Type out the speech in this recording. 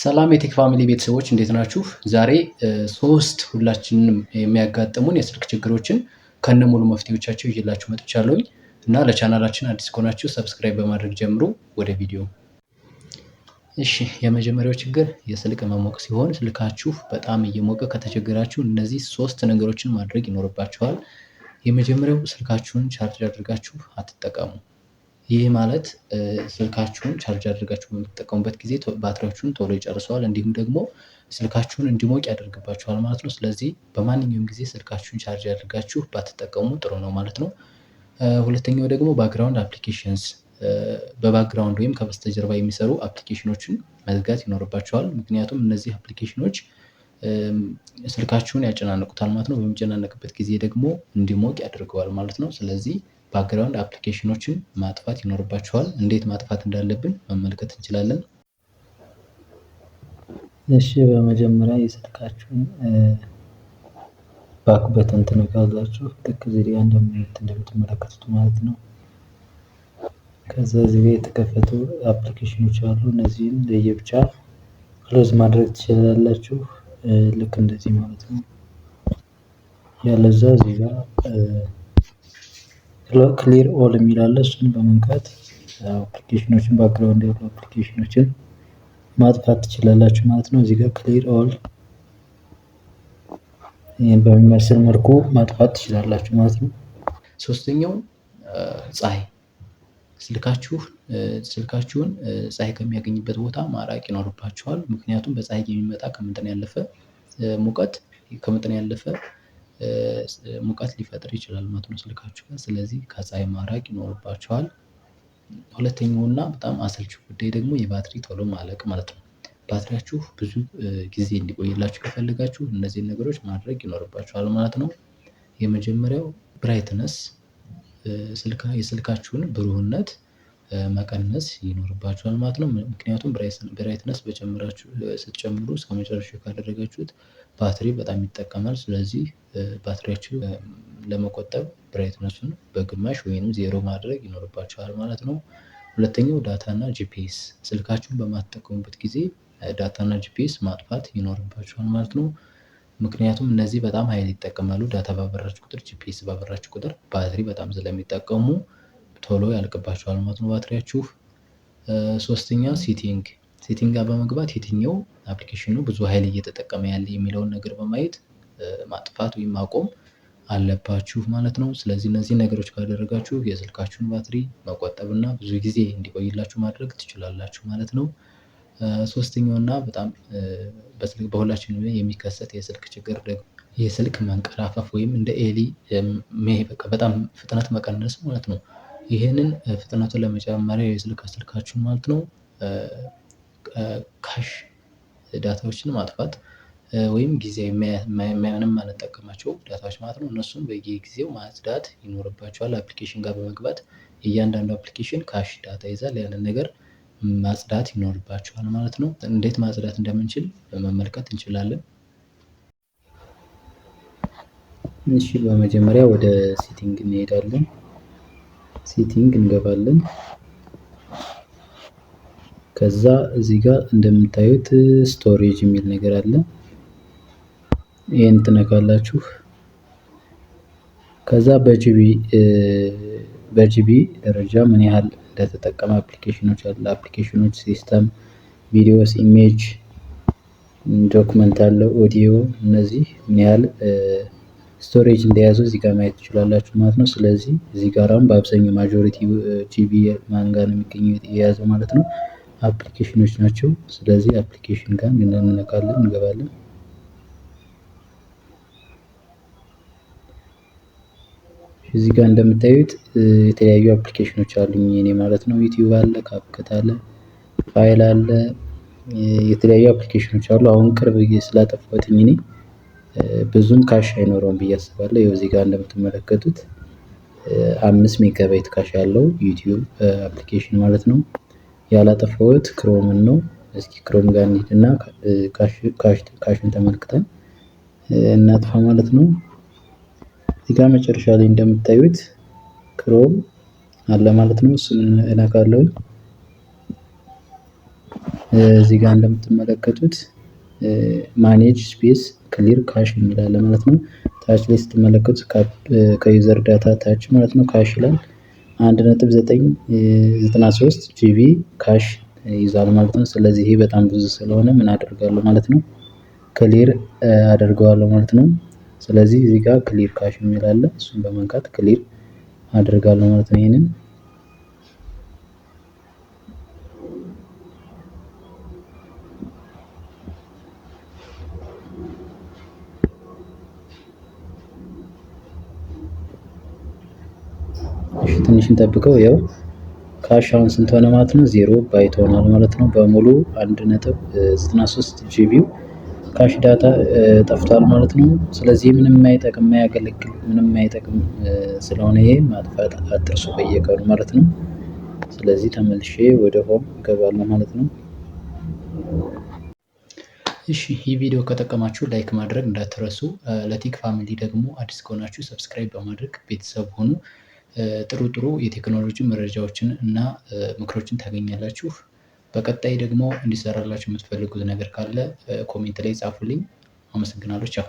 ሰላም የቴክ ፋሚሊ ቤተሰቦች እንዴት ናችሁ? ዛሬ ሶስት ሁላችንም የሚያጋጥሙን የስልክ ችግሮችን ከነሙሉ መፍትሄዎቻቸው ይዤላችሁ መጥቻለሁኝ እና ለቻናላችን አዲስ ከሆናችሁ ሰብስክራይብ በማድረግ ጀምሩ። ወደ ቪዲዮ። እሺ የመጀመሪያው ችግር የስልክ መሞቅ ሲሆን ስልካችሁ በጣም እየሞቀ ከተቸገራችሁ እነዚህ ሶስት ነገሮችን ማድረግ ይኖርባችኋል። የመጀመሪያው ስልካችሁን ቻርጅ አድርጋችሁ አትጠቀሙ። ይህ ማለት ስልካችሁን ቻርጅ አድርጋችሁ በምትጠቀሙበት ጊዜ ባትሪያችሁን ቶሎ ይጨርሰዋል እንዲሁም ደግሞ ስልካችሁን እንዲሞቅ ያደርግባችኋል ማለት ነው። ስለዚህ በማንኛውም ጊዜ ስልካችሁን ቻርጅ አድርጋችሁ ባትጠቀሙ ጥሩ ነው ማለት ነው። ሁለተኛው ደግሞ ባክግራውንድ አፕሊኬሽንስ በባክግራውንድ ወይም ከበስተጀርባ የሚሰሩ አፕሊኬሽኖችን መዝጋት ይኖርባቸዋል። ምክንያቱም እነዚህ አፕሊኬሽኖች ስልካችሁን ያጨናንቁታል ማለት ነው። በሚጨናነቅበት ጊዜ ደግሞ እንዲሞቅ ያደርገዋል ማለት ነው። ስለዚህ ባክግራውንድ አፕሊኬሽኖችን ማጥፋት ይኖርባቸዋል እንዴት ማጥፋት እንዳለብን መመልከት እንችላለን። እሺ በመጀመሪያ የስልካችሁን ባክ በተን ትነካላችሁ። ልክ እዚህ ጋር እንደምትመለከቱት ማለት ነው። ከዛ እዚህ ጋር የተከፈቱ አፕሊኬሽኖች አሉ። እነዚህም ለየብቻ ክሎዝ ማድረግ ትችላላችሁ። ልክ እንደዚህ ማለት ነው። ያለዛ እዚህ ጋር ክሊር ኦል የሚላለ እሱን በመንካት አፕሊኬሽኖችን ባክግራውንድ ያሉ አፕሊኬሽኖችን ማጥፋት ትችላላችሁ ማለት ነው። እዚህ ጋር ክሊር ኦል ይህን በሚመስል መልኩ ማጥፋት ትችላላችሁ ማለት ነው። ሶስተኛው ፀሐይ ስልካችሁ ስልካችሁን ፀሐይ ከሚያገኝበት ቦታ ማራቅ ይኖርባችኋል። ምክንያቱም በፀሐይ የሚመጣ ከመጠን ያለፈ ሙቀት ከመጠን ያለፈ ሙቀት ሊፈጥር ይችላል ማለት ነው ስልካችሁ ጋር ስለዚህ ከፀሐይ ማራቅ ይኖርባችኋል። እና በጣም አሰልቺው ጉዳይ ደግሞ የባትሪ ቶሎ ማለቅ ማለት ነው። ባትሪያችሁ ብዙ ጊዜ እንዲቆይላችሁ ከፈለጋችሁ እነዚህን ነገሮች ማድረግ ይኖርባችኋል ማለት ነው። የመጀመሪያው ብራይትነስ የስልካችሁን ብሩህነት መቀነስ ይኖርባቸዋል ማለት ነው። ምክንያቱም ብራይትነስ ስትጨምሩ ስትጨምሩ እስከመጨረሻው ካደረጋችሁት ባትሪ በጣም ይጠቀማል። ስለዚህ ባትሪያችሁ ለመቆጠብ ብራይትነሱን በግማሽ ወይም ዜሮ ማድረግ ይኖርባቸዋል ማለት ነው። ሁለተኛው ዳታና ጂፒኤስ ስልካችሁን በማትጠቀሙበት ጊዜ ዳታና ጂፒኤስ ማጥፋት ይኖርባቸዋል ማለት ነው። ምክንያቱም እነዚህ በጣም ሀይል ይጠቀማሉ። ዳታ ባበራችሁ ቁጥር ጂፒኤስ ባበራችሁ ቁጥር ባትሪ በጣም ስለሚጠቀሙ ቶሎ ያልቅባቸዋል ማለት ነው ባትሪያችሁ። ሶስተኛ ሴቲንግ ሴቲንግ ጋር በመግባት የትኛው አፕሊኬሽኑ ብዙ ኃይል እየተጠቀመ ያለ የሚለውን ነገር በማየት ማጥፋት ወይም ማቆም አለባችሁ ማለት ነው። ስለዚህ እነዚህ ነገሮች ካደረጋችሁ የስልካችሁን ባትሪ መቆጠብና ብዙ ጊዜ እንዲቆይላችሁ ማድረግ ትችላላችሁ ማለት ነው። ሶስተኛውና በጣም በሁላችን የሚከሰት የስልክ ችግር ደግሞ የስልክ መንቀራፈፍ ወይም እንደ ኤሊ በጣም ፍጥነት መቀነስ ማለት ነው። ይህንን ፍጥነቱን ለመጨመሪያ የስልክ ስልካችሁን ማለት ነው ካሽ ዳታዎችን ማጥፋት ወይም ጊዜ ምንም ማንጠቀማቸው ዳታዎች ማለት ነው እነሱን በየጊዜው ማጽዳት ይኖርባቸዋል። አፕሊኬሽን ጋር በመግባት የእያንዳንዱ አፕሊኬሽን ካሽ ዳታ ይዛል ያንን ነገር ማጽዳት ይኖርባቸዋል ማለት ነው። እንዴት ማጽዳት እንደምንችል መመልከት እንችላለን። እሺ በመጀመሪያ ወደ ሴቲንግ እንሄዳለን ሴቲንግ እንገባለን። ከዛ እዚህ ጋር እንደምታዩት ስቶሬጅ የሚል ነገር አለ። ይህን ትነካላችሁ። ከዛ በጂቢ በጂቢ ደረጃ ምን ያህል እንደተጠቀመ አፕሊኬሽኖች አለ። አፕሊኬሽኖች ሲስተም፣ ቪዲዮስ፣ ኢሜጅ፣ ዶክመንት አለ፣ ኦዲዮ እነዚህ ምን ያህል ስቶሬጅ እንደያዙ እዚህ ጋር ማየት ትችላላችሁ ማለት ነው። ስለዚህ እዚህ ጋር አሁን በአብዛኛው ማጆሪቲ ጂቢ ማንጋ ነው የሚገኘው የያዘው ማለት ነው። አፕሊኬሽኖች ናቸው። ስለዚህ አፕሊኬሽን ጋር እንነካለን፣ እንገባለን እዚህ ጋር እንደምታዩት የተለያዩ አፕሊኬሽኖች አሉኝ እኔ ማለት ነው። ዩቲዩብ አለ፣ ካፕከት አለ፣ ፋይል አለ፣ የተለያዩ አፕሊኬሽኖች አሉ። አሁን ቅርብ ስላጠፋሁት እኔ ብዙም ካሽ አይኖረውም ብዬ አስባለሁ። ይኸው እዚህ ጋር እንደምትመለከቱት አምስት ሜጋባይት ካሽ ያለው ዩቲዩብ አፕሊኬሽን ማለት ነው። ያላጠፋሁት ክሮምን ነው። እስኪ ክሮም ጋር እና ካሽን ተመልክተን እናጥፋ ማለት ነው። እዚህ ጋር መጨረሻ ላይ እንደምታዩት ክሮም አለ ማለት ነው። እሱን እነካለሁ። እዚህ ጋር እንደምትመለከቱት ማኔጅ ስፔስ ክሊር ካሽ የሚላለ ማለት ነው። ታች ላይ ስትመለከቱት ከዩዘር ዳታ ታች ማለት ነው ካሽ ይላል። 1.993 ጂቢ ካሽ ይዟል ማለት ነው። ስለዚህ ይሄ በጣም ብዙ ስለሆነ ምን አደርጋለሁ ማለት ነው ክሊር አደርገዋለሁ ማለት ነው። ስለዚህ እዚህ ጋር ክሊር ካሽ የሚላለ እሱን በመንካት ክሊር አደርጋለሁ ማለት ነው ይሄንን ትንሽ እንጠብቀው። ያው ካሽ አሁን ስንት ሆነ ማለት ነው? ዜሮ ባይት ሆኗል ማለት ነው። በሙሉ አንድ ነጥብ ዘጠና ሶስት ጂቢው ካሽ ዳታ ጠፍቷል ማለት ነው። ስለዚህ ምንም የማይጠቅም የማያገለግል ምንም የማይጠቅም ስለሆነ ይሄ ማጥፋት አትርሱ በየቀኑ ማለት ነው። ስለዚህ ተመልሼ ወደ ሆም እገባለሁ ማለት ነው። እሺ ይህ ቪዲዮ ከጠቀማችሁ ላይክ ማድረግ እንዳትረሱ። ለቲክ ፋሚሊ ደግሞ አዲስ ከሆናችሁ ሰብስክራይብ በማድረግ ቤተሰብ ሆኑ። ጥሩ ጥሩ የቴክኖሎጂ መረጃዎችን እና ምክሮችን ታገኛላችሁ። በቀጣይ ደግሞ እንዲሰራላችሁ የምትፈልጉት ነገር ካለ ኮሜንት ላይ ጻፉልኝ። አመሰግናለሁ ቻው